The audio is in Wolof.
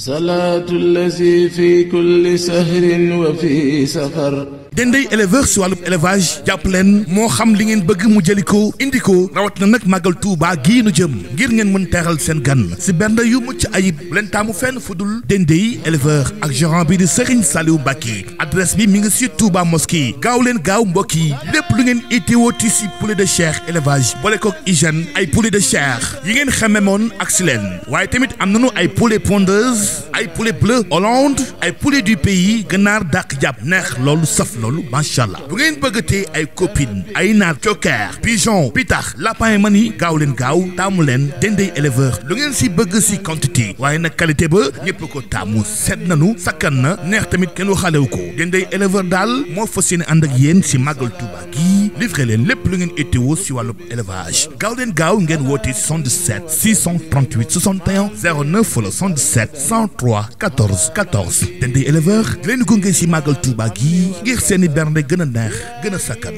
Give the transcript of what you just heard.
salaatu lazi fi kulli sahrin wa fi safar denday éleveur si wàllub élevage jàpp leen moo xam li ngeen bëgg mu jëli ko indi ko rawat na nag màggal Touba gii nu jëm ngir ngeen mën teeral seen gan si bernde yu mucc ayib leen taamu fenn fudul denday éleveur ak gérant bi di Serigne Saliou Mbacké adresse bi mi ngi si Touba mosquée gaaw leen gaaw mbokk yi lépp lu ngeen itiwooti si poulet de chair élevage boole kook hygiène ay poulet de chair yi ngeen xamemoon ak si leen waaye tamit am nañu ay poulet pondeuse ay poulet bleu Hollande ay poulet du pays ganaar dàq jàpp neex loolu saf loolu macha allah bu ngeen bëggatee ay copine ay naat coker pigeon pitax lapin ma ni gaaw leen gaaw taamu leen dendey éleveur lu ngeen si bëgg si quantité waaye nag qualité ba ñëpp ko taamu set nanu sakkan na neex tamit kenn waxaalewu ko dendey éleveur daal moo fas yéene ànd ak yéen si màggal Tuuba gi livré leen lépp lu ngeen itteewoo si wàllu élevage gaaw leen gaaw ngeen woote 77 638 61 09 wala 77 103 14 14 dendey éleveur di leen gunge si màggal Tuuba gi ngir seeni bernde gën a neex gën a sakkan